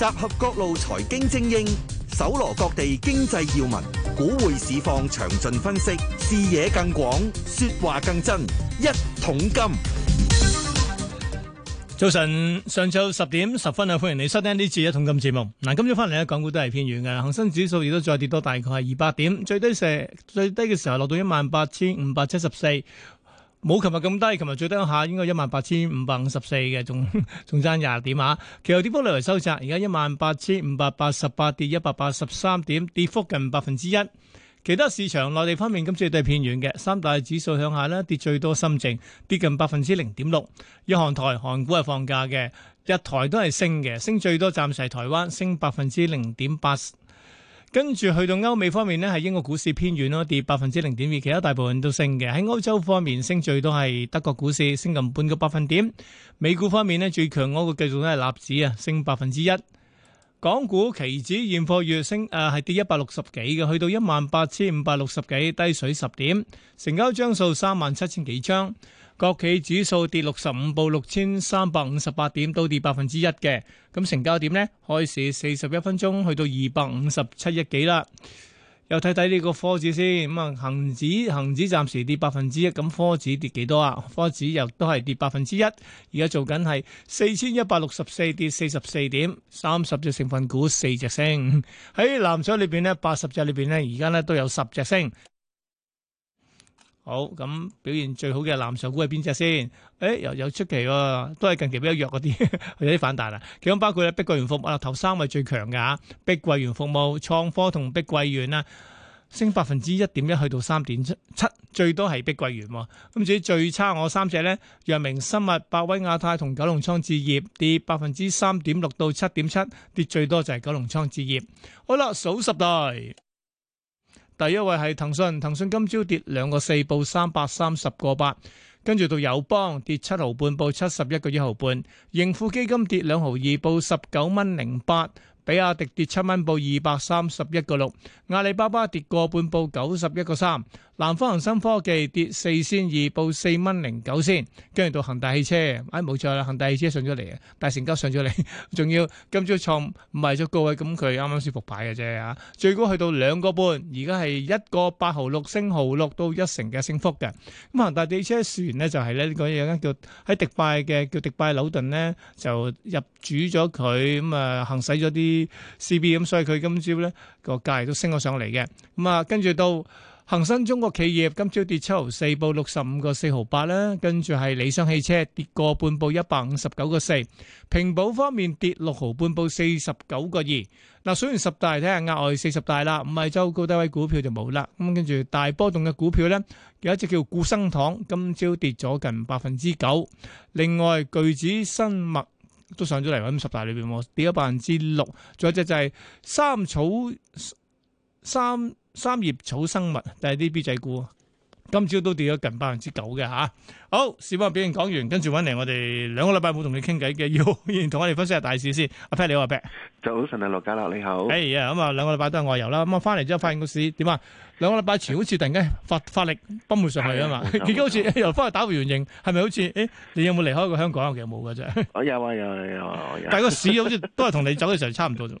集合各路財經精英，搜羅各地經濟要聞，股匯市況詳盡分析，視野更廣，說話更真。一桶金，早晨，上晝十點十分啊！歡迎你收聽呢次一桶金節目。嗱，今朝翻嚟咧，港股都係偏軟嘅啦，恒生指數亦都再跌多大概係二百點，最低時最低嘅時候落到一萬八千五百七十四。冇琴日咁低，琴日最低下應該一萬八千五百五十四嘅，仲仲差廿點吓。其後跌幅略為收窄，而家一萬八千五百八十八跌一百八十三點，跌幅近百分之一。其他市場內地方面咁，相對偏軟嘅三大指數向下啦，跌最多深證跌近百分之零點六。日韓台，台韓股係放假嘅，日台都係升嘅，升最多暫時係台灣升百分之零點八。跟住去到歐美方面呢係英國股市偏軟咯，跌百分之零點二，其他大部分都升嘅。喺歐洲方面，升最多係德國股市，升近半個百分點。美股方面呢最強嗰個繼續都係納指啊，升百分之一。港股期指現貨月升，誒係跌一百六十幾嘅，去到一萬八千五百六十幾，低水十點。成交張數三萬七千幾張。國企指數跌六十五，報六千三百五十八點，都跌百分之一嘅。咁成交點呢，開市四十一分鐘去到二百五十七億幾啦。又睇睇呢個科指先，咁啊恒指恒指暫時跌百分之一，咁科指跌幾多啊？科指又都係跌百分之一。而家做緊係四千一百六十四跌四十四點，三十隻成分股四隻升。喺藍籌裏邊呢，八十隻裏邊呢，而家呢都有十隻升。好，咁表現最好嘅藍籌股係邊隻先？誒、欸，又有，有出奇喎，都係近期比較弱嗰啲， 有啲反彈啦。其中包括咧，碧桂園服務啦，頭三位最強嘅吓。碧桂園服務、創科同碧桂園啦，升百分之一點一，去到三點七，七最多係碧桂園。咁至於最差我三隻咧，藥明生物、百威亞太同九龍倉置業，跌百分之三點六到七點七，跌最多就係九龍倉置業。好啦，數十代。第一位係騰訊，騰訊今朝跌兩個四報，三百三十個八，跟住到友邦跌七毫半報，七十一個一毫半，盈富基金跌兩毫二報，十九蚊零八，比亞迪跌七蚊報，二百三十一個六，阿里巴巴跌過半報，九十一個三。南方恒生科技跌四千二，報四蚊零九仙。跟住到恒大汽車，哎冇錯啦，恒大汽車上咗嚟，大成交上咗嚟，仲要今朝創唔係咗高位，咁佢啱啱先復牌嘅啫啊！最高去到兩個半，而家係一個八毫六，升毫六到一成嘅升幅嘅。咁恒大汽車船咧就係咧，呢個嘢咧叫喺迪拜嘅叫迪拜紐頓咧就入主咗佢咁啊，行使咗啲 C B，咁所以佢今朝咧個價亦都升咗上嚟嘅。咁啊，跟住到。恒生中國企業今朝跌七毫四，報六十五個四毫八啦。跟住係理想汽車跌個半，報一百五十九個四。平保方面跌六毫半，報四十九個二。嗱，數完十大，睇下額外四十大啦。唔係周高低位股票就冇啦。咁跟住大波動嘅股票咧，有一隻叫固生堂，今朝跌咗近百分之九。另外，巨子生物都上咗嚟，咁十大裏邊跌咗百分之六。仲有隻就係三草三。三葉草生物，但係啲 B 仔股，今朝都跌咗近百分之九嘅吓。好，市況表現講完，跟住揾嚟我哋兩個禮拜冇同你傾偈嘅，要同我哋分析下大市先。阿 Peter 你好啊 Peter，早晨啊，羅家樂你好。哎呀，咁啊，兩、hey, yeah, 嗯、個禮拜都係外遊啦。咁、嗯、啊，翻嚟之後發現個市點啊？兩個禮拜前好似突然間發發力崩會上去啊嘛，結果 好似又翻去打回原形，係咪好似？誒、欸，你有冇離開過香港？其實冇嘅啫。有我有啊， 有啊，有啊，有啊但係個市好似都係同你走嘅時候差唔多咗。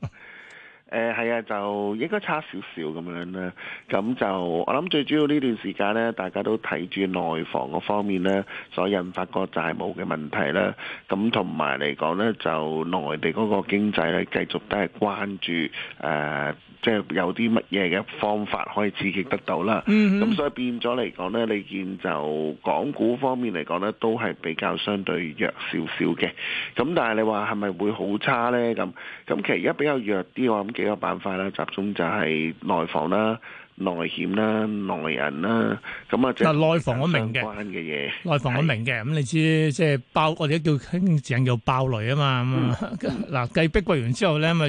誒係啊，就應該差少少咁樣啦。咁就我諗最主要呢段時間呢，大家都睇住內房嗰方面呢，所引發個債務嘅問題啦。咁同埋嚟講呢，就內地嗰個經濟呢，繼續都係關注誒。呃即係有啲乜嘢嘅方法可以刺激得到啦，咁、嗯、哼所以變咗嚟講呢，你見就港股方面嚟講呢，都係比較相對弱少少嘅。咁但係你話係咪會好差呢？咁咁其實而家比較弱啲，我諗幾個板塊啦，集中就係內房啦。內險啦、內、啊、銀啦、啊，咁啊即係相關嘅嘢。內房我明嘅，內、嗯、房我明嘅。咁你知即係爆，我哋叫肯定字眼叫爆雷啊嘛。咁、嗯、嗱，繼碧桂園之後咧，咪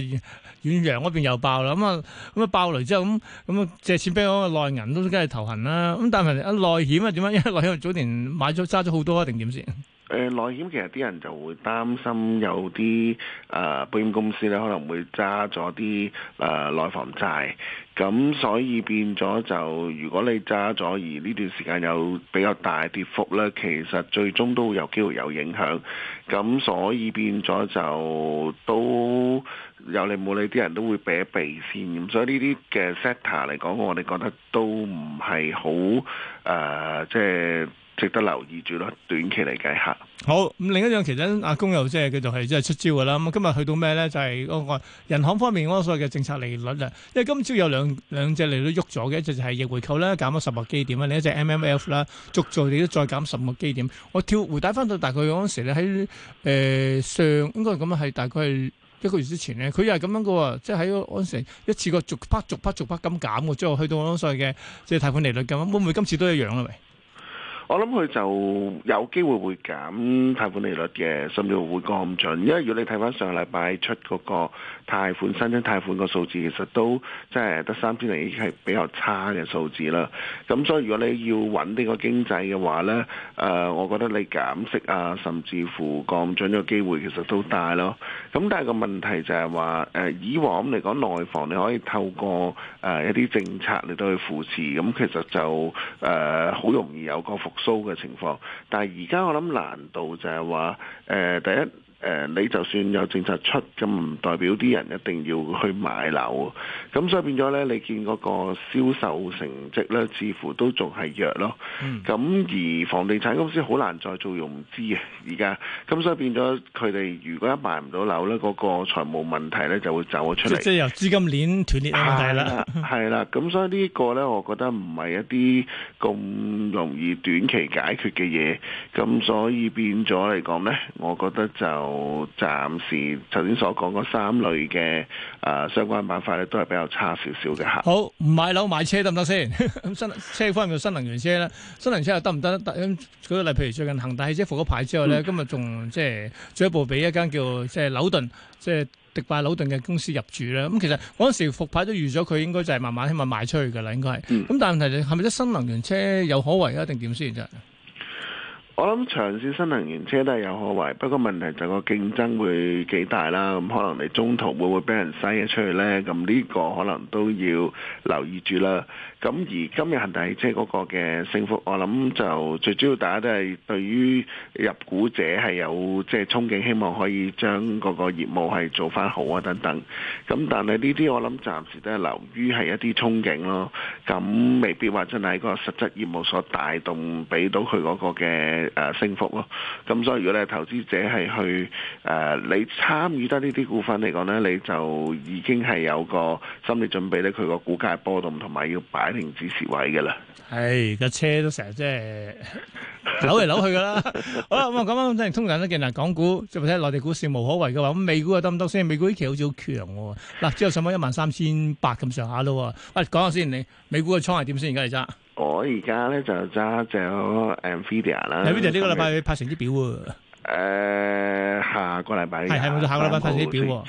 遠洋嗰邊又爆啦。咁啊咁啊爆雷之後，咁咁啊借錢俾我嘅內銀都梗係頭痕啦。咁但係內險啊，點解？因為內險早年買咗揸咗好多啊，定點先？誒、呃，內險其實啲人就會擔心有啲誒、呃，保險公司咧可能會揸咗啲誒內房債。咁所以變咗就，如果你揸咗，而呢段時間有比較大跌幅咧，其實最終都會有機會有影響。咁所以變咗就都有理冇理啲人都會避一避先。咁所以呢啲嘅 sector 嚟講，我哋覺得都唔係好誒，即係。值得留意住咯，短期嚟計下。好咁，另一樣其實阿公又即係繼續係即係出招噶啦。咁今日去到咩咧？就係嗰個人行方面嗰所謂嘅政策利率啊。因為今朝有兩兩隻利率喐咗嘅，一隻就係逆回購啦，減咗十個基點啊。另一隻 MMF 啦，逐漸地都再減十個基點。我跳回帶翻到大概嗰陣時咧，喺誒、呃、上應該咁樣係大概係一個月之前咧，佢又係咁樣嘅喎，即係喺嗰陣時一次過逐筆逐筆逐筆咁減嘅，之後去到嗰所謂嘅即係貸款利率咁。會唔會今次都一樣咧？咪？我諗佢就有機會會減貸款利率嘅，甚至會降準。因為如果你睇翻上個禮拜出嗰個貸款、新增貸款個數字，其實都即係得三千零億，係比較差嘅數字啦。咁所以如果你要穩定個經濟嘅話呢，誒、呃，我覺得你減息啊，甚至乎降準嘅機會其實都大咯。咁但係個問題就係話，誒以往嚟講，內房你可以透過誒一啲政策嚟到去扶持，咁其實就誒好、呃、容易有個復蘇嘅情況。但係而家我諗難度就係話誒第一。誒，你就算有政策出，咁唔代表啲人一定要去買樓，咁所以變咗咧，你見嗰個銷售成績咧，似乎都仲係弱咯。嗯。咁而房地產公司好難再做融資啊，而家，咁所以變咗佢哋，如果一賣唔到樓咧，嗰個財務問題咧就會走咗出嚟。即係由資金鏈斷裂係啦，係啦。咁所以呢個咧，我覺得唔係一啲咁容易短期解決嘅嘢，咁所以變咗嚟講咧，我覺得就。暫時頭先所講嗰三類嘅誒、呃、相關板塊咧，都係比較差少少嘅吓。好，買樓買車得唔得先？咁 新車方面嘅新能源車啦。新能源車又得唔得？咁舉個例，譬如最近恒大汽車復咗牌之後咧，嗯、今日仲即係進一步俾一間叫即係紐頓，即係迪拜紐頓嘅公司入住啦。咁其實嗰陣時復牌都預咗，佢應該就係慢慢起碼賣出去噶啦，應該係。咁、嗯、但係問題係咪啲新能源車有可為啊？定點先啫？我諗長線新能源車都係有可為，不過問題就個、是、競爭會幾大啦。咁可能你中途會唔會俾人篩咗出去呢，咁呢個可能都要留意住啦。咁而今日恒大汽車嗰個嘅升幅，我諗就最主要大家都係對於入股者係有即係憧憬，希望可以將嗰個業務係做翻好啊等等。咁但係呢啲我諗暫時都係留於係一啲憧憬咯。咁未必話真係個實質業務所帶動，俾到佢嗰個嘅。誒，升幅咯，咁、啊、所以如果你投資者係去誒、啊，你參與得呢啲股份嚟講咧，你就已經係有個心理準備咧，佢個股價波動同埋要擺定止蝕位嘅啦。係架、哎、車都成日即係扭嚟扭去噶啦。 好啦，咁、嗯、啊，真係通常都見難講港股，就睇、是、內地股市無可為嘅話，咁美股又得唔得先？美股呢期好似好強喎。嗱、啊，之後上翻、啊啊、一萬三千八咁上下咯。喂，講下先，你美股嘅倉係點先？而家而家？我而家咧就揸咗 Amphibia 啦。Amphibia 呢，嗯呃、個禮拜拍成績表。誒職，下個禮拜係係下個禮拜拍成績表。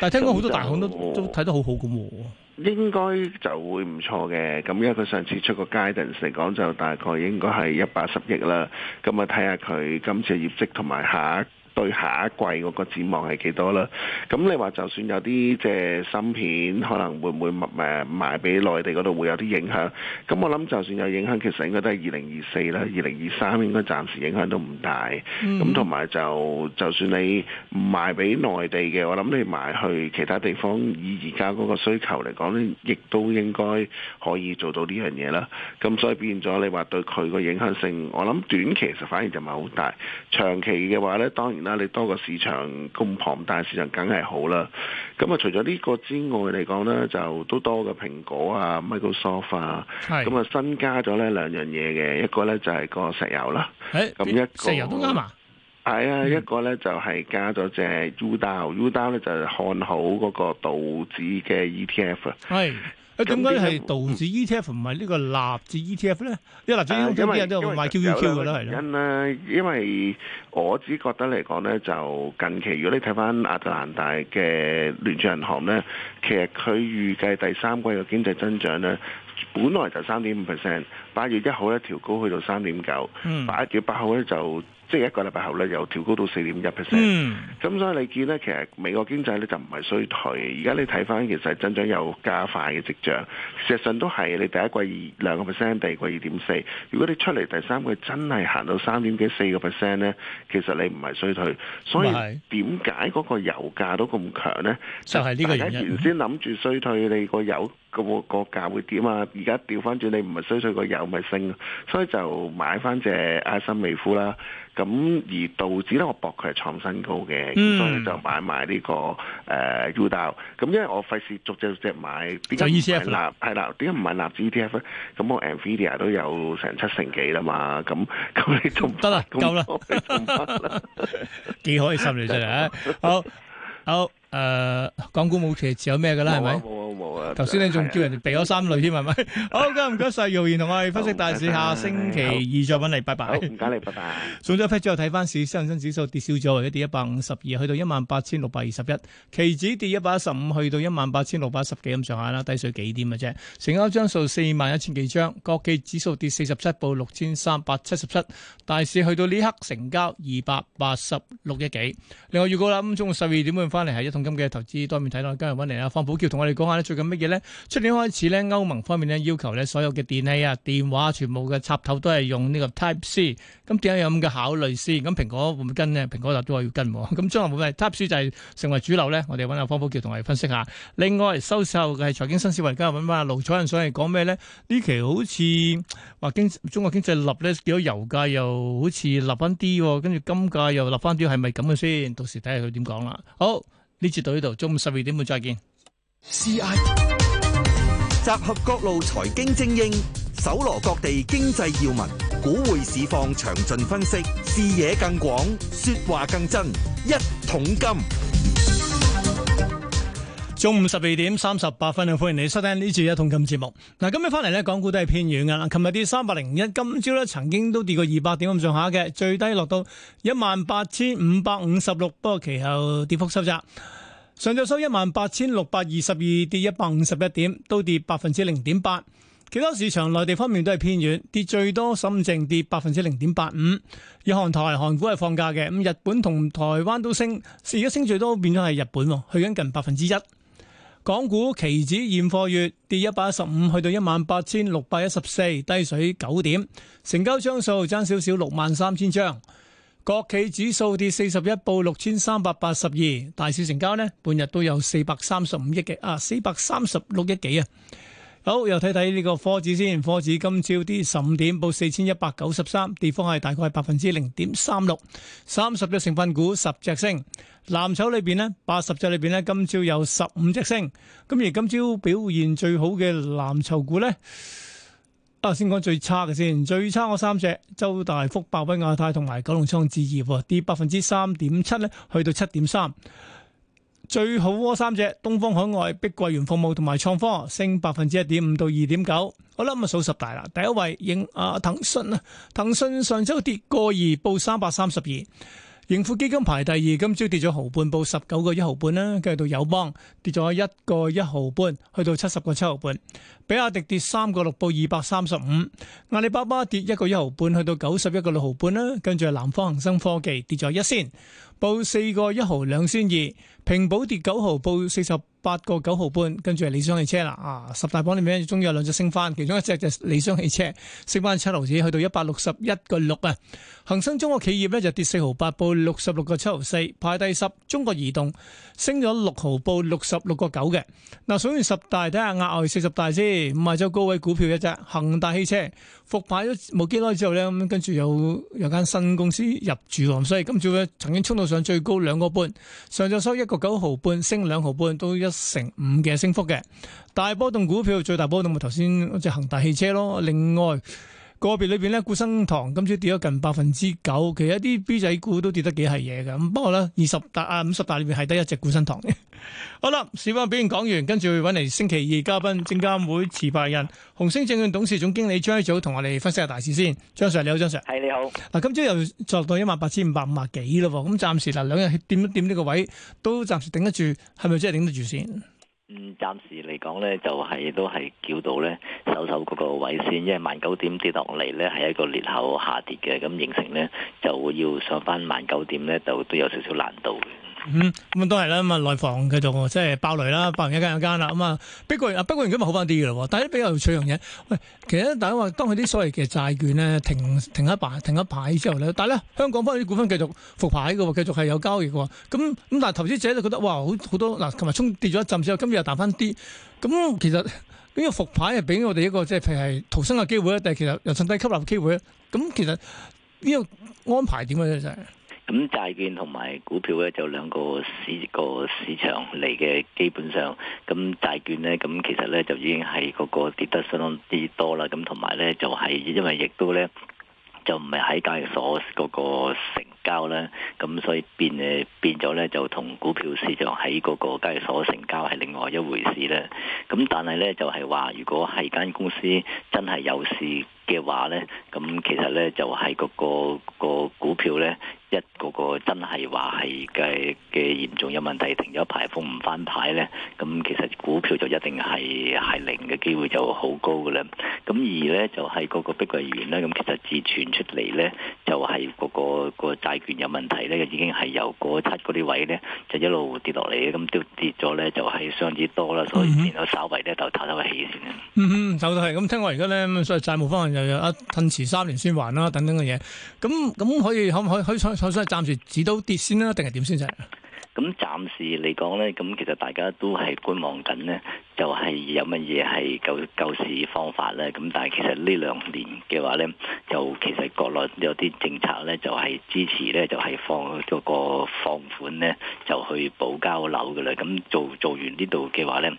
但係聽講好多大行都都睇得好好咁喎。應該就會唔錯嘅，咁因為佢上次出個 guidance 嚟講就大概應該係一百十億啦。咁啊睇下佢今次嘅業績同埋下一。對下一季嗰個展望係幾多啦？咁你話就算有啲即係芯片，可能會唔會賣誒俾內地嗰度會有啲影響？咁我諗就算有影響，其實應該都係二零二四啦，二零二三應該暫時影響都唔大。咁同埋就就算你唔賣俾內地嘅，我諗你賣去其他地方，以而家嗰個需求嚟講咧，亦都應該可以做到呢樣嘢啦。咁所以變咗你話對佢個影響性，我諗短期其實反而就唔係好大，長期嘅話呢，當然。嗱，你多個市場咁龐大，市場梗係好啦。咁啊，除咗呢個之外嚟講咧，就都多個蘋果啊、Microsoft 啊，咁啊是新加咗呢兩樣嘢嘅，一個咧就係、是、個石油啦，咁、欸、一個石油都啱啊，係啊、哎呀，嗯、一個咧就係、是、加咗隻 U Dow，U、嗯、Dow 咧就係看好嗰個道指嘅 ETF 啦，係。誒，點解係道指 ETF 唔係呢個納指 ETF 咧？因為納指 e 啲人都係賣 QQQ 嘅啦，係啦。因咧，因為我只覺得嚟講咧，就近期如果你睇翻亞特蘭大嘅聯儲銀行咧，其實佢預計第三季嘅經濟增長咧，本來就三點五 percent，八月一號咧調高去到三點九，八月八號咧就。嗯即係一個禮拜後咧，又調高到四點一 percent。咁、嗯、所以你見咧，其實美國經濟咧就唔係衰退。而家你睇翻，其實增長有加快嘅跡象。事實上都係你第一季兩個 percent，第二季二點四。如果你出嚟第三季真係行到三點幾四個 percent 咧，其實你唔係衰退。所以點解嗰個油價都咁強咧？就係呢個原因。大家先諗住衰退，你個油。個股價會點啊？而家調翻轉，你唔係衰衰個油咪升，所以就買翻隻阿新美孚啦。咁而道指咧，我搏佢係創新高嘅，咁所以就買埋呢、這個誒 U 道。咁、嗯呃、因為我費事逐隻逐隻買，買就 ETF，啦，係啦、 啊。點解唔買納指 E T F 咧？咁我 Nvidia 都有成七成幾啦嘛。咁咁你都得啦，夠啦，幾開心嚟真係好好誒，港股冇騎住有咩嘅啦，係咪？頭先你仲叫人哋避咗三類添，係咪、 嗯？ 好，唔該晒，姚言同我哋分析大市，下星期二再揾你，拜拜。好，唔該你，拜拜。總結翻之後睇翻市，恒生指數跌少咗，而家跌一百五十二，2, 去到一萬八千六百二十一，期指跌一百一十五，去到一萬八千六百十幾咁上下啦，低水幾點嘅啫。成交張數四萬一千幾張，國企指數跌四十七，報六千三百七十七，大市去到呢刻成交二百八十六億幾。另外預告啦，咁中午十二點半翻嚟係一桶金嘅投資多面睇啦，今日揾嚟阿方寶橋同我哋講下。最緊乜嘢咧？出年開始咧，歐盟方面咧要求咧所有嘅電器啊、電話全部嘅插頭都係用呢個 Type C。咁點解有咁嘅考慮先？咁蘋果會唔會跟咧？蘋果立都話要跟。咁將來會唔會 Type C 就係成為主流咧？我哋揾下方保僑同我哋分析下。另外，收售嘅係財經新思維，而家揾翻盧彩雲，想係講咩咧？呢期好似話經中國經濟立咧，幾多油價又好似立翻啲，跟住金價又立翻啲，係咪咁嘅先？到時睇下佢點講啦。好，呢次到呢度，中午十二點半再見。CI 集合各路財經精英，搜羅各地經濟要聞，股匯市況詳盡分析，視野更廣，說話更真。一桶金，中午十二點三十八分，歡迎你收聽呢節一桶金節目。嗱，1, 今日翻嚟咧，港股都係偏軟噶啦。琴日跌三百零一，今朝咧曾經都跌過二百點咁上下嘅，最低落到一萬八千五百五十六，不過其後跌幅收窄。上晝收一萬八千六百二十二，跌一百五十一點，都跌百分之零點八。其他市場內地方面都係偏軟，跌最多深證跌百分之零點八五。而韓台韓股係放假嘅，咁日本同台灣都升，而家升最多變咗係日本，去緊近百分之一。港股期指現貨月跌一百一十五，去到一萬八千六百一十四，低水九點。成交張數爭少少六萬三千張。國企指數跌四十一，報六千三百八十二，大市成交呢？半日都有四百三十五億嘅，啊，四百三十六億幾啊？好，又睇睇呢個科指先。科指今朝跌十五點，報四千一百九十三，跌幅係大概係百分之零點三六，三十隻成分股十隻升，藍籌裏邊呢？八十隻裏邊呢？今朝有十五隻升，咁而今朝表現最好嘅藍籌股呢？先講最差嘅先，最差嗰三隻，周大福、暴威亞太同埋九龍倉置業，跌百分之三點七咧，去到七點三。最好嗰三隻，東方海外、碧桂園服務同埋創科，升百分之一點五到二點九。我諗咪數十大啦。第一位應阿、啊、騰訊啊，騰訊上週跌個二，報三百三十二。盈富基金排第二，今朝跌咗毫半，報十九個一毫半啦。繼續到友邦跌咗一個一毫半，去到七十個七毫半。比亞迪跌三個六，報二百三十五。阿里巴巴跌一個一毫半，去到九十一個六毫半啦。跟住係南方恒生科技跌咗一仙。報四個一毫兩仙二，平保跌九毫，報四十八個九毫半，跟住係理想汽車啦。啊，十大榜裏面終於有兩隻升翻，其中一隻就係理想汽車升翻七毫子，去到一百六十一個六啊。恒生中國企業咧就跌四毫八，報六十六個七毫四，排第十。中國移動升咗六毫，報六十六個九嘅。嗱，數完十大，睇下額外四十大先。午晝高位股票一隻，恒大汽車。復牌咗冇幾耐之後咧，咁跟住有有間新公司入主，所以今朝有曾經衝到上最高兩個半，上晝收一個九毫半，升兩毫半，都一成五嘅升幅嘅。大波動股票最大波動咪頭先隻恒大汽車咯，另外。個別裏邊咧，固生堂今朝跌咗近百分之九，其實一啲 B 仔股都跌得幾係嘢嘅。咁不過咧，二十大啊五十大裏邊係得一隻固生堂嘅。 好啦，市況表現講完，跟住揾嚟星期二嘉賓，證監會持牌人，紅星證券董事總經理張一祖同我哋分析下大市先。張 sir 你好，張 sir。係你好。嗱，今朝又作到一萬八千五百五十幾咯，咁暫時嗱，兩日掂一掂呢個位，都暫時頂得住，係咪真係頂得住先？嗯，暫時嚟講咧，就係、是、都係叫到咧守守嗰個位先，因為萬九點跌落嚟咧係一個裂口下跌嘅，咁形成咧就會要上翻萬九點咧就都有少少難度。嗯，咁、嗯、都係啦，咁啊內房繼續即係爆雷啦，爆完一間一間啦，咁、嗯、啊，碧桂、碧桂園而家咪好翻啲咯，但係咧比較有趣樣嘢，喂，其實大家話當佢啲所謂嘅債券咧停停一排停一排之後咧，但係咧香港翻啲股份繼續復牌嘅，繼續係有交易嘅，咁咁但係投資者就覺得哇，好好多，嗱、啊，琴日衝跌咗一陣之後，今日又彈翻啲，咁、嗯、其實呢、這個復牌係俾我哋一個即係譬如係逃生嘅機會咧，但係其實由剩低吸納嘅機會咁、嗯、其實呢、這個安排點啊真係？咁債券同埋股票咧，就兩個市個市場嚟嘅，基本上咁債券咧，咁其實咧就已經係嗰個跌得相當之多啦。咁同埋咧就係因為亦都咧就唔係喺交易所嗰個成交咧，咁所以變誒變咗咧就同股票市場喺嗰個交易所成交係另外一回事咧。咁但係咧就係話，如果係間公司真係有事嘅話咧，咁其實咧就係嗰個個股票咧。一個個真係話係嘅嘅嚴重有問題，停咗排封唔翻牌咧，咁其實股票就一定係係零嘅機會就好高嘅啦。咁二咧就係嗰個碧桂園咧，咁其實自傳出嚟，咧就係嗰個、嗰個債券有問題咧，已經係由嗰七嗰啲位咧就一路跌落嚟，咁都跌咗咧就係相之多啦，所以變咗稍為咧就唞唞個氣先啦。嗯嗯，就係、是、咁。聽我而家咧，所以債務方面又有啊，吞遲三年先還啦等等嘅嘢。咁咁可以可唔可以，可以咁暫時止到跌先啦，定係點先啫？咁暫時嚟講咧，咁其實大家都係觀望緊咧，就係、是、有乜嘢係救救市方法咧？咁但係其實呢兩年嘅話咧，就其實國內有啲政策咧，就係支持咧，就係放個放款咧，就去補交樓嘅啦。咁做做完呢度嘅話咧。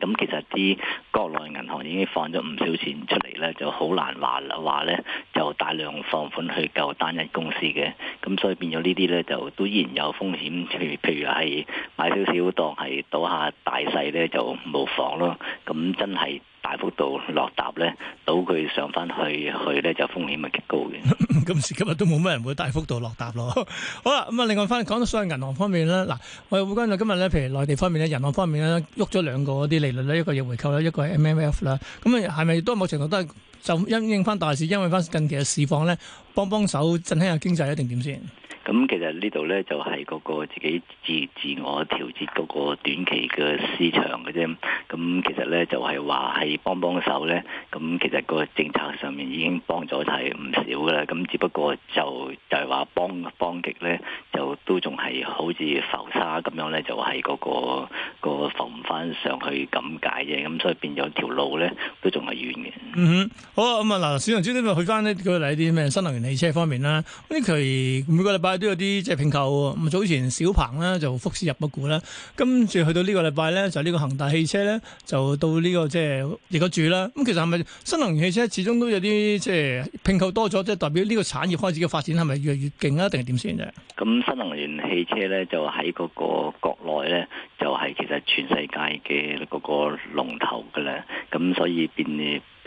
咁其實啲國內銀行已經放咗唔少錢出嚟咧，就好難話話咧，就大量放款去救單一公司嘅。咁所以變咗呢啲咧，就都依然有風險，譬如譬如係買少少當係賭下大細咧，就冇妨咯，咁真係。大幅度落踏咧，倒佢上翻去，去咧就風險係極高嘅。今時今日都冇乜人會大幅度落踏咯。 好啦，咁啊，另外翻講到所以銀行方面咧，嗱，我哋會跟住今日咧，譬如內地方面咧，銀行方面咧，喐咗兩個嗰啲利率咧，一個逆回購啦，一個係 MMF 啦。咁、嗯、啊，係咪都某程度都係就因應翻大事，因應翻近期嘅市況咧，幫幫手振興下經濟一定點先？咁其實呢度咧就係嗰個自己自自我調節嗰個短期嘅市場嘅啫。咁其實咧就係話係幫幫手咧。咁其實個政策上面已經幫咗係唔少噶啦。咁只不過就就係話幫幫極咧，就都仲係好似浮沙咁樣咧，就係嗰個浮唔翻上去咁解啫。咁所以變咗條路咧都仲係遠嘅。嗯哼，好啊。咁啊嗱，小楊總咧去翻呢個嚟啲咩新能源汽車方面啦。呢期每個禮拜，都有啲即係併購，咁、就是、早前小鵬咧就福士入咗股啦，跟住去到呢個禮拜咧就呢個恒大汽車咧就到呢、這個即係亦都住啦。咁其實係咪新能源汽車始終都有啲即係拼購多咗，即、就、係、是、代表呢個產業開始嘅發展係咪越嚟越勁啊？定係點先啫？咁新能源汽車咧就喺嗰個國內咧就係、是、其實全世界嘅嗰個龍頭噶啦，咁所以變。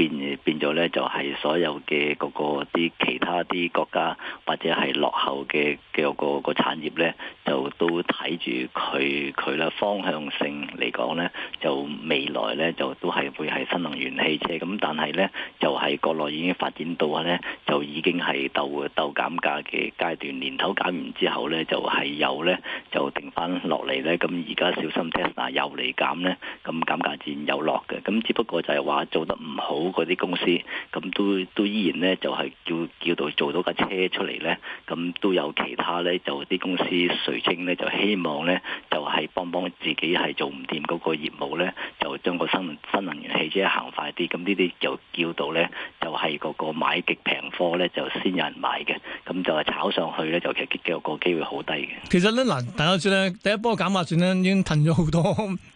變變咗咧，就係所有嘅嗰個啲其他啲國家，或者係落後嘅嘅個個產業咧，就都睇住佢佢啦。方向性嚟講咧，就未來咧就都係會係新能源汽車。咁但係咧，就係國內已經發展到咧，就已經係鬥鬥減價嘅階段。年頭減完之後咧，就係有咧就定翻落嚟咧。咁而家小心 Tesla 又嚟減咧，咁減價自然有落嘅。咁只不過就係話做得唔好。嗰啲公司咁都都依然咧，就係叫叫到做到架車出嚟咧，咁都有其他咧，就啲公司垂青咧，就希望咧，就係幫幫自己係做唔掂嗰個業務咧，就將個新新能源汽車行快啲。咁呢啲就叫到咧，就係嗰個買極平貨咧，就先有人買嘅。咁就係炒上去咧，就其實個個機會好低嘅。其實咧嗱，大家知咧，第一波減壓算咧已經褪咗好多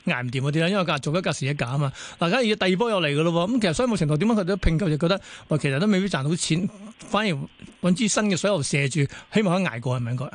捱唔掂嗰啲啦，因為隔日做一隔時一減啊嘛。嗱，而家第二波又嚟噶咯喎，咁其實相程度點樣佢都拼購，就覺得，喂，其實都未必賺到錢，反而揾支新嘅水喉射住，希望可以捱過。係咪應該？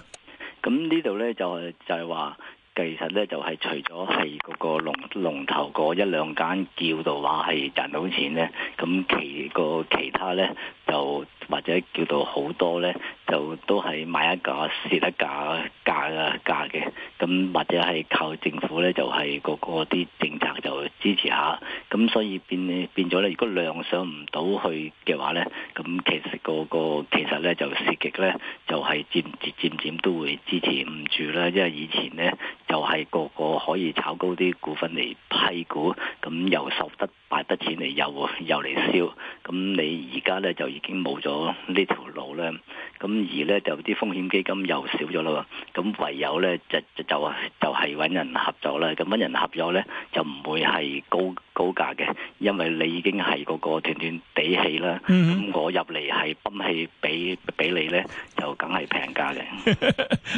咁呢度咧就係、係、就係話。其實咧就係、是、除咗係嗰個龍龍頭嗰一兩間叫到話係賺到錢咧，咁其個其他咧就或者叫到好多咧，就都係買一架蝕一架㗎啊㗎嘅，咁或者係靠政府咧就係、是、個個啲政策就支持下，咁所以變變咗咧，如果量上唔到去嘅話咧，咁其實、那個個其實咧就蝕極咧就係、是、漸漸漸都會支持唔住啦，因為以前咧。又係個個可以炒高啲股份嚟批股，咁又收得大筆錢嚟遊，又嚟燒。咁你而家咧就已經冇咗呢條路咧。咁而咧就啲風險基金又少咗咯。咁唯有咧就就就係揾、就係、人合作啦。咁揾人合作咧就唔會係高高價嘅，因為你已經係個個斷斷地氣啦。咁、嗯、哼我入嚟係泵氣俾俾你咧，就梗係平價嘅。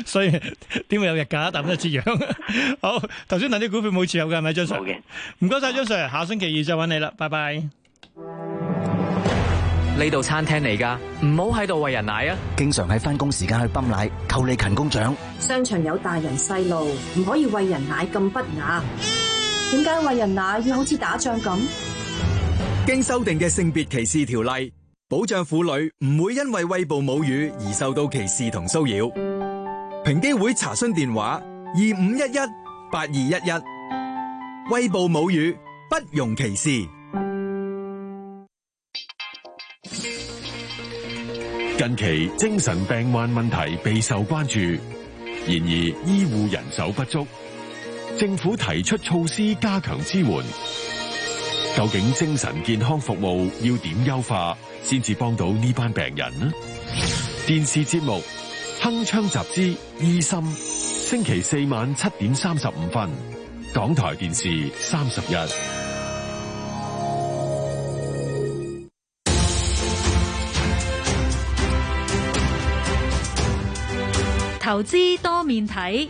所以點會有日價？但係冇得接 好，頭先那啲股票冇持有嘅係咪，張 Sir？嘅，唔該晒，張 Sir。下星期二再揾你啦，拜拜。呢度餐廳嚟噶，唔好喺度喂人奶啊！經常喺翻工時間去泵奶，扣你勤工獎。商場有大人細路，唔可以喂人奶咁不雅。點解喂人奶要好似打仗咁？經修訂嘅性別歧視條例，保障婦女唔會因為喂哺母乳而受到歧視同騷擾。平機會查詢電話。二五一一八二一一，威暴母語不容歧視。近期精神病患問題備受關注，然而醫護人手不足，政府提出措施加強支援。究竟精神健康服務要點優化，先至幫到呢班病人呢？電視節目《鏗鏘集之醫心》。星期四晚七點三十五分，港台電視三十一，投資多面睇。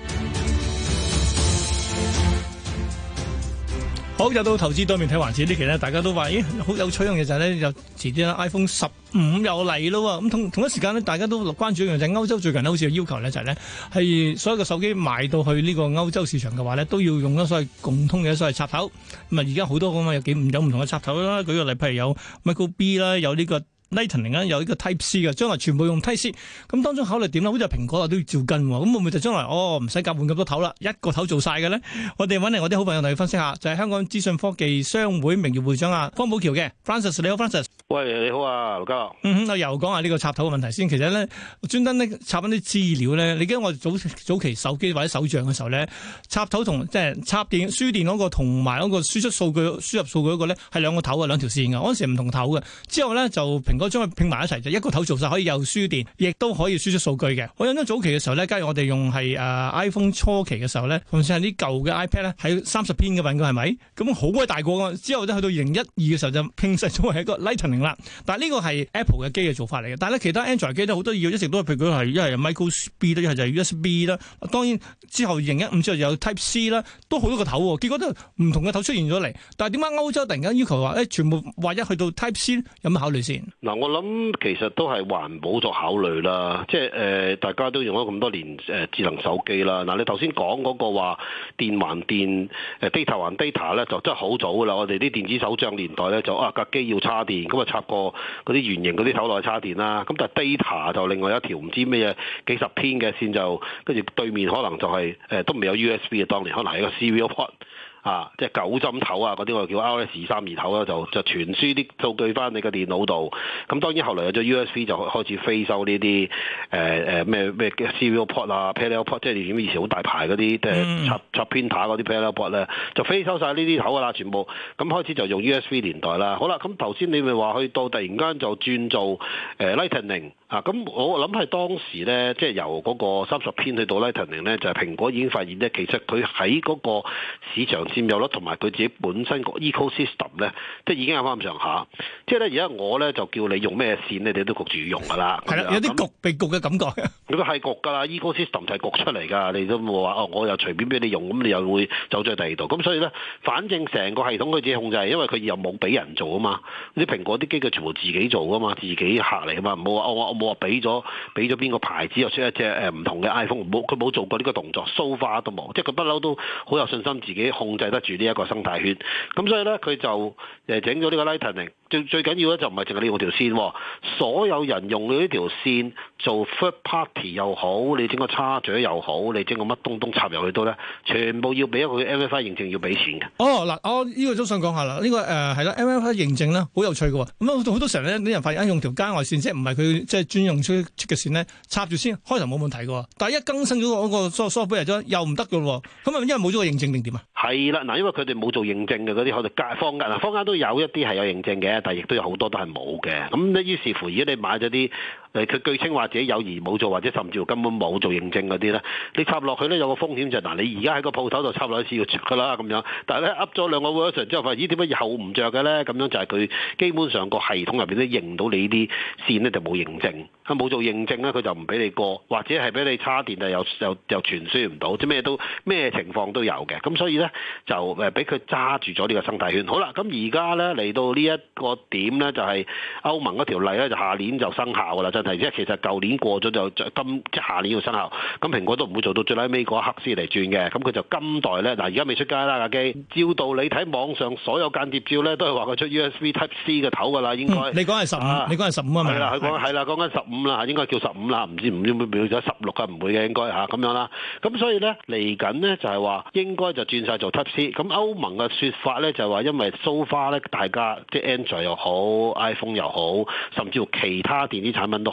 好，又到投資多面睇環節。呢期咧，大家都話：咦，好有趣一樣嘢就係咧，遲又遲啲啦，iPhone 十五又嚟咯，咁同同一時間呢，大家都關注一樣就係歐洲最近好似有要求咧就係、是、咧，係所有嘅手機賣到去呢個歐洲市場嘅話咧，都要用一所謂共通嘅所謂插頭。咁啊，而家好多咁嘅有幾唔有唔同嘅插頭啦。舉個例，譬如有 Micro B 啦，有呢、這個。Nathan 而家有呢個 Type C 嘅，將來全部用 Type C，咁當中考慮點咧？好似蘋果啊都要照跟喎，咁會唔會就將來哦唔使夾換咁多頭啦，一個頭做晒嘅咧？我哋揾嚟我啲好朋友嚟分析下，就係、是、香港資訊科技商會名譽會長啊方寶橋嘅 Francis，你好 Francis。喂，你好啊，劉家樂。嗯，又講下呢個插頭嘅問題先。其實呢，專登插翻啲資料呢。你記得我早早期手機或者手杖嘅時候呢，插頭同即係插電輸電嗰個同埋嗰個輸出數據輸入數據嗰個咧係兩個頭嘅兩條線嘅，嗰時唔同頭嘅。之後呢，就蘋。我將佢拼埋一齊，就一個頭做晒，可以有輸電，亦都可以輸出數據嘅。我印咗早期嘅時候咧，假如我哋用係誒、呃、iPhone 初期嘅時候咧，甚至係啲舊嘅 iPad 咧，係三十 pin 嘅版本係咪？咁好鬼大個，之後咧去到二零一二嘅時候就拼晒，成為一個 Lightning 啦。但係呢個係 Apple 嘅機嘅做法嚟嘅。但係咧，其他 Android 機都好多要一直都，譬如佢係一係 Micro B 啦，一係就 USB 啦。當然之後二零一五之後有 Type C 啦，都好多個頭。結果都唔同嘅頭出現咗嚟。但係點解歐洲突然間要求話誒全部話一去到 Type C 有乜考慮先？嗱，我諗其實都係環保作考慮啦，即係誒、呃、大家都用咗咁多年誒、呃、智能手機啦。嗱、呃，你頭先講嗰個話電還電、呃、data 還 data 咧，就真係好早噶啦。我哋啲電子手帳年代咧就啊，架機要插電，咁啊插個嗰啲圓形嗰啲頭嚟插電啦。咁但係 data 就另外一條唔知咩嘢幾十片嘅線就跟住對面可能就係、是、誒、呃、都未有 USB 嘅當年可能係個 serial port。Pod 啊，即係九針頭啊，嗰啲我叫 R S 二三二頭啦，就就傳輸啲數據翻你個電腦度。咁、啊、當然後嚟有咗 U S B 就開始飛收呢啲誒誒咩咩 C L port 啊 parallel port，即係以前好大排嗰啲插插 printer 嗰啲 parallel port 咧，就飛收晒呢啲頭啊，全部咁、啊、開始就用 U S B 年代啦。好啦，咁頭先你咪話去到突然間就轉做誒、呃、Lightning 啊，咁我諗係當時咧，即係由嗰個三十 pin 去到 Lightning 咧，就係、是、蘋果已經發現咧，其實佢喺嗰個市場。佔有率同埋佢自己本身個 ecosystem 咧，即係已經有翻咁上下。即係咧，而家我咧就叫你用咩線咧，你都焗住用㗎啦。係啦的，嗯、有啲焗被焗嘅感覺。如果係焗㗎啦，ecosystem 就係焗出嚟㗎。你都冇話、e、哦，我又隨便俾你用，咁你又會走咗第二度。咁所以咧，反正成個系統佢自己控制，因為佢又冇俾人做啊嘛。啲蘋果啲機佢全部自己做㗎嘛，自己客嚟㗎嘛。冇話、哦、我冇話俾咗俾咗邊個牌子又出一隻誒唔同嘅 iPhone，冇佢冇做過呢個動作，So far 都冇。即係佢不嬲都好有信心自己控。係得住呢一個生態圈，咁所以咧，佢就誒整咗呢個 lightning。最最緊要咧就唔係淨係你用條線，所有人用嘅呢條線做 third party 又好，你整個叉嘴又好，你整個乜東東插入去都咧，全部要俾一個 MFI 認證，要俾錢嘅。哦，嗱，我呢個都想講下啦，呢個誒係啦，MFI 認證啦，好有趣嘅。咁好多時候咧，啲人發現用條街外線即係唔係佢即係專用出出嘅線咧，插住先開頭冇問題嘅，但係一更新咗嗰個疏疏忽又唔得嘅喎。咁啊，因為冇咗個認證定點啊？係啦，嗱，因為佢哋冇做認證嘅嗰啲，可能街坊間嗱，坊間都有一啲係有認證嘅。但亦都有好多都係冇嘅，咁咧，於是乎，如果你買咗啲。佢據稱或者自己有而冇做，或者甚至乎根本冇做認證嗰啲咧，你插落去咧，有個風險就嗱，你而家喺個鋪頭度插落去試過啦，咁樣，但係咧噏咗兩個 words 之後，發現咦點解又唔着嘅咧？咁樣就係佢基本上個系統入邊都認唔到你啲線咧，就冇認證，佢冇做認證咧，佢就唔俾你過，或者係俾你叉電啊又又又傳輸唔到，即咩都咩情況都有嘅。咁所以咧就誒俾佢揸住咗呢個生態圈。好啦，咁而家咧嚟到呢一個點咧，就係、是、歐盟嗰條例咧就下年就生效噶啦。即係其實舊年過咗就今，即係下年要生效，咁蘋果都唔會做到最拉尾嗰一刻先嚟轉嘅，咁佢就今代咧嗱，而家未出街啦阿基照道理睇網上所有間諜照咧，都係話佢出 USB Type C 嘅頭㗎喇，應該。你講係十五，你講係十五啊嘛。係啦、啊，佢講係啦，講緊十五啦，應該叫十五啦，唔知唔知會變咗十六啊？唔會嘅應該係咁樣啦。咁所以咧嚟緊咧就係話應該就轉晒做 Type C。咁歐盟嘅説法咧就係話因為 so far 咧，大家即係 Android 又好，iPhone 又好，甚至乎其他電子產品都。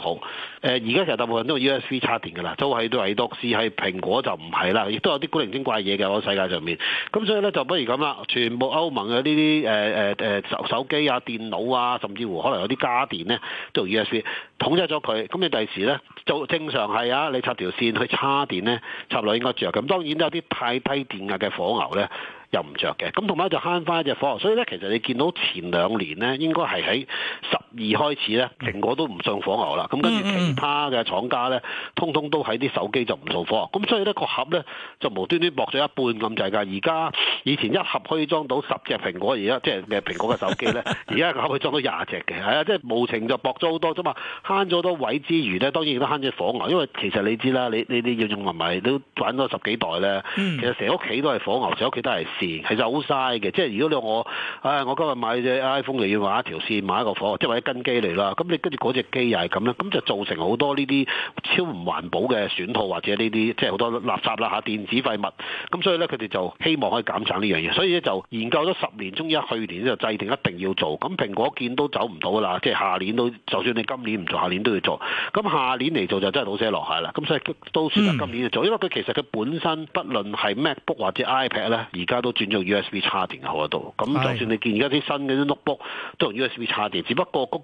好，誒而家其實大部分都係 USB 插電嘅啦，都係都係多斯，係蘋果就唔係啦，亦都有啲古靈精怪嘢嘅喺世界上面，咁所以咧就不如咁啦，全部歐盟嘅呢啲誒誒誒手手機啊、電腦啊，甚至乎可能有啲家電咧都用 USB 統一咗佢，咁你第時咧就正常係啊，你插條線去插電咧，插落應該著，咁當然有啲太低電壓嘅火牛咧。又唔着嘅，咁同埋就慳翻一隻火牛，所以咧其實你見到前兩年咧，應該係喺十二開始咧，蘋果都唔上火牛啦，咁跟住其他嘅廠家咧，通通都喺啲手機就唔做火牛，咁所以咧個盒咧就無端端薄咗一半咁滯㗎。而家以前一盒可以裝到十隻蘋果，而家即係嘅蘋果嘅手機咧，而家一盒可以裝到廿隻嘅，係啊，即係無情就薄咗好多啫嘛，慳咗多位之餘咧，當然都慳咗火牛，因為其實你知啦，你你你要用埋埋都玩咗十幾代咧，其實成屋企都係火牛，成屋企都係。其實好嘥嘅，即係如果你我，唉、哎，我今日買隻 iPhone 又要買一條線，買一個火，即係或者跟機嚟啦。咁你跟住嗰隻機又係咁咧，咁就造成好多呢啲超唔環保嘅損耗或者呢啲即係好多垃圾啦嚇、啊、電子廢物。咁所以咧，佢哋就希望可以減省呢樣嘢。所以咧就研究咗十年，終於去年就制定一定要做。咁蘋果見都走唔到啦，即係下年都，就算你今年唔做，下年都要做。咁下年嚟做就真係老死落海啦。咁所以都選擇今年做，因為佢其實佢本身不論係 MacBook 或者 iPad 咧，而家都。轉做 USB 插電好得多，咁就算你見而家啲新嘅啲 notebook 都用 USB 插電，只不過嗰、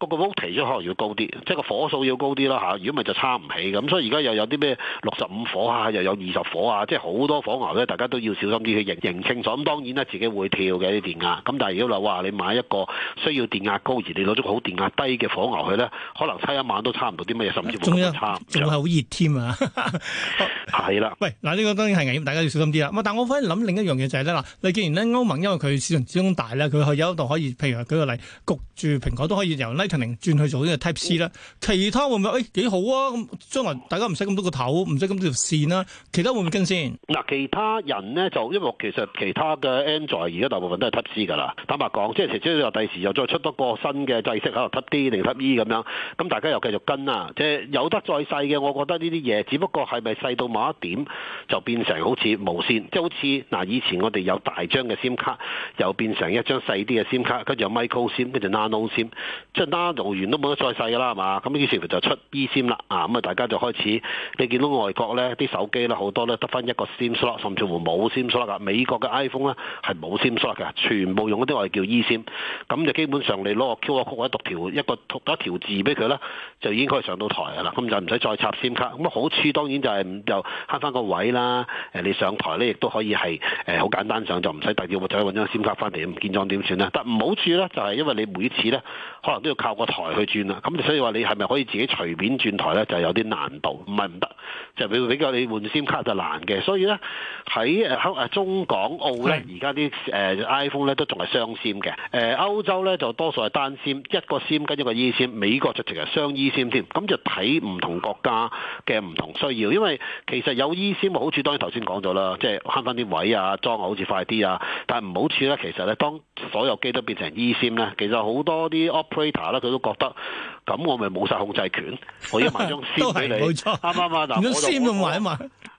那個嗰 volt 提升可能要高啲，即係個火數要高啲啦嚇。如果咪就差唔起咁，所以而家又有啲咩六十五火啊，又有二十火啊，即係好多火牛咧，大家都要小心啲去認認清楚。咁當然咧，自己會跳嘅啲電壓。咁但係如果話你買一個需要電壓高而你攞咗個好電壓低嘅火牛去咧，可能差一晚都差唔到啲乜嘢，甚至冇得差。仲有，仲係好熱添啊！係 啦 了，喂，嗱、這、呢個當然係危險，大家要小心啲啦。但我反而諗另一樣。就係咧嗱，你既然咧歐盟因為佢市場始終大咧，佢去有一度可以譬如舉個例，焗住蘋果都可以由 Lightning 轉去做呢個 Type C 啦、哎啊啊。其他會唔會誒幾好啊？咁將來大家唔使咁多個頭，唔使咁多條線啦。其他會唔會跟先？嗱，其他人呢，就因為其實其他嘅 Android 而家大部分都係 Type C 噶啦。坦白講，即係除非話第時又再出多個新嘅制式喺度，Type D 定 Type E 咁樣，咁大家又繼續跟啦。即係有得再細嘅，我覺得呢啲嘢，只不過係咪細到某一點就變成好似無線，即係好似嗱以前我哋有大張嘅 SIM 卡，又變成一張細啲嘅 SIM 卡，跟住有 micro SIM，跟住 nano SIM，即係 nano 完都冇得再細啦，係嘛？咁於是就出 eSIM 啦，啊咁啊大家就開始你見到外國呢啲手機咧好多咧得分一個 SIM slot，甚至乎冇 SIM slot 噶。Lock, 美國嘅 iPhone 咧係冇 SIM slot 嘅，全部用嗰啲我哋叫 eSIM。咁就基本上你攞個 QQQ 讀條一個讀一,一,一條字俾佢呢，就已經可以上到台噶啦。咁就唔使再插 SIM 卡。咁啊好處當然就係、是、就慳翻個位啦。你上台呢亦都可以係。誒好、欸、簡單上就唔使第二日就再揾張閃卡翻嚟，咁見裝點算呢？但唔好處呢，就係、是、因為你每次呢，可能都要靠個台去轉啦，咁所以話你係咪可以自己隨便轉台呢？就有啲難度。唔係唔得，就比、是、比較你換閃卡就難嘅。所以呢，喺誒中港澳呢，而家啲是誒 iPhone 呢，都仲係雙閃嘅。誒歐洲呢，就多數係單閃，一個閃跟一個 E 閃。IM, 美國就淨係雙 E 閃添。咁就睇唔同國家嘅唔同需要，因為其實有 E 閃嘅好處，當然頭先講咗啦，即係慳翻啲位啊。裝好似快啲啊！但係唔好處咧，其實咧，當所有機都變成 eSIM 咧，其實好多啲 operator 咧，佢都覺得咁我咪冇晒控制權，我一萬張 SIM 俾你，啱啱啱啊？嗱，我用埋啊嘛，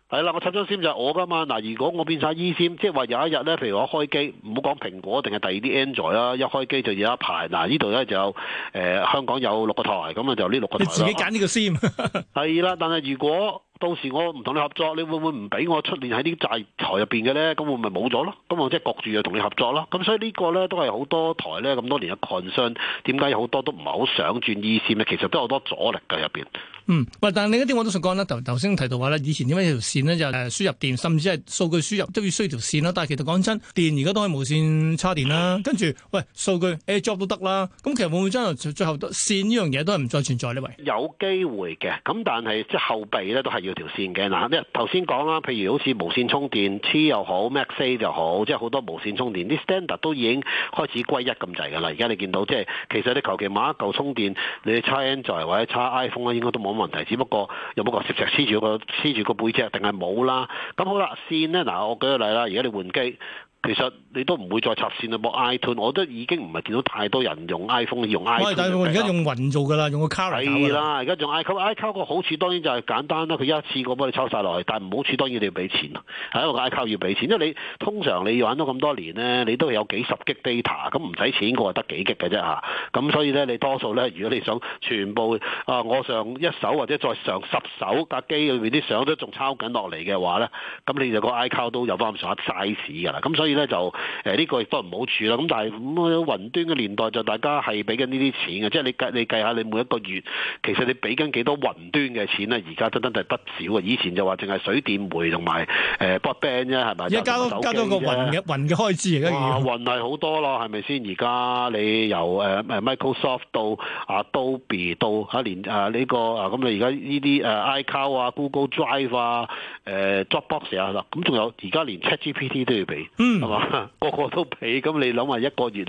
係啦，我插張 SIM 就係我㗎嘛。嗱，如果我變晒 eSIM，即係話有一日咧，譬如我開機，唔好講蘋果定係第二啲 Android 啦，And roid, 一開機就有一排。嗱，呢度咧就誒、呃、香港有六個台，咁啊就呢六個台咯。你自己揀呢個 SIM 係 啦，但係如果到時我唔同你合作，你會唔會唔俾我出面喺啲債台入邊嘅咧？咁唔咪冇咗咯。咁我即係焗住又同你合作咯。咁所以個呢個咧都係好多台咧咁多年嘅 concern。點解有好多都唔係好想轉依線咧？其實都有好多阻力嘅入邊。嗯，喂，但係另一啲我都想講咧。頭頭先提到話咧，以前點解條線咧就係輸入電，甚至係數據輸入都要需要條線咯。但係其實講真，電而家都係無線插電啦。嗯、跟住喂，數據 AirDrop 都得啦。咁其實會唔會將最後線呢樣嘢都係唔再存在呢？喂，有機會嘅，咁但係即係後備咧都係有條線嘅嗱，即係頭先講啦，譬如好似無線充電 t 又好，Max C 又好，即係好多無線充電，啲 standard 都已經開始歸一咁滯㗎啦。而家你見到即係其實你求其買一嚿充電，你插 Android 或者叉 iPhone 咧，應該都冇問題。只不過有冇個攝石黐住個黐住個背脊，定係冇啦。咁好啦，線咧嗱，我舉個例啦。而家你換機。其實你都唔會再插線啦，播 iTune，我都已經唔係見到太多人用 iPhone 用 iPhone 而家用雲做噶啦，用個卡 a 啦，而家用 iCloud，iCloud 個好處當然就係簡單啦，佢一次過幫你抽晒落去。但係唔好處當然你要俾錢啦，係啊，iCloud 要俾錢，因為你，因為你通常你玩咗咁多年咧，你都係有幾十 G data，咁唔使錢個得幾 G 嘅啫吓。咁所以咧，你多數咧，如果你想全部啊，我上一手或者再上十手架機裏邊啲相都仲抄緊落嚟嘅話咧，咁你就個 iCloud 都有幫上晒 size 噶啦。咁所以所以咧就誒呢個亦都唔好處啦。咁但係咁雲端嘅年代就大家係俾緊呢啲錢嘅，即係你計你計下你每一個月其實你俾緊幾多雲端嘅錢咧？而家真真係不少啊！以前就話淨係水電煤同埋誒 Broadband 啫，係咪？而家加多加多個雲嘅雲嘅開支而家。哇！雲係好多啦，係咪先？而家你由誒 Microsoft 到啊 Adobe 到嚇連啊呢個啊，咁你而家呢啲誒 iCloud 啊 Google Drive 啊誒 Dropbox 啊嗱，咁仲有而家連 ChatGPT 都要俾係嘛？ 個個都俾咁，你諗下一個月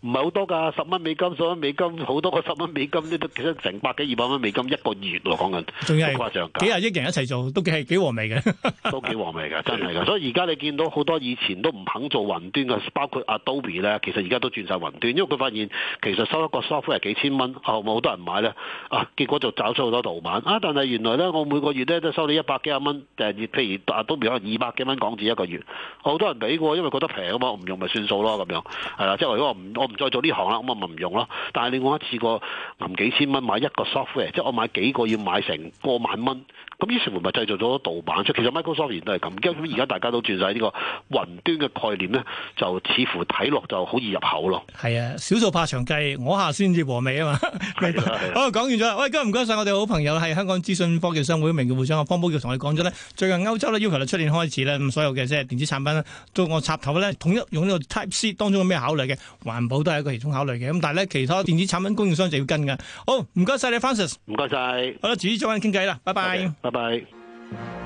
你唔係好多㗎，十蚊美金、十蚊美金，好多個十蚊美金，呢都其實成百幾二百蚊美金一個月喎。講緊，仲係幾廿億人一齊做，都幾係幾和味嘅， 都幾和味㗎，真係㗎。所以而家你見到好多以前都唔肯做雲端嘅，包括阿 Adobe 咧，其實而家都轉晒雲端，因為佢發現其實收一個 software 係幾千蚊，後咪好多人買咧？啊，結果就找咗好多盜版啊！但係原來咧，我每個月咧都收你一百幾廿蚊誒，譬如阿 Adobe 可能二百幾蚊港紙一個月，好多人俾過，佢覺得平啊嘛，我唔用咪算數咯咁樣，係啦，即係如果我唔我唔再做呢行啦，咁啊咪唔用咯。但係你我一次過揜幾千蚊買一個 software，即係我買幾個要買成個萬蚊。咁於是乎咪製造咗盜版出。其實 Microsoft 都係咁。咁而家大家都轉晒呢個雲端嘅概念咧，就似乎睇落就好易入口咯。係啊，少數怕長計，我下先至和味啊嘛。 嗎好，講完咗喂，今日唔該晒。我哋好朋友係香港資訊科技商會名譽會長啊，方寶傑同你講咗咧，最近歐洲咧要求咧出年開始咧，所有嘅即係電子產品都我合頭咧統一用呢個 Type C 當中有咩考慮嘅？環保都係一個其中考慮嘅。咁但係咧其他電子產品供應商就要跟噶。好，唔該晒你，Francis。唔該晒。好啦，自己再傾偈啦，拜拜。拜拜、okay。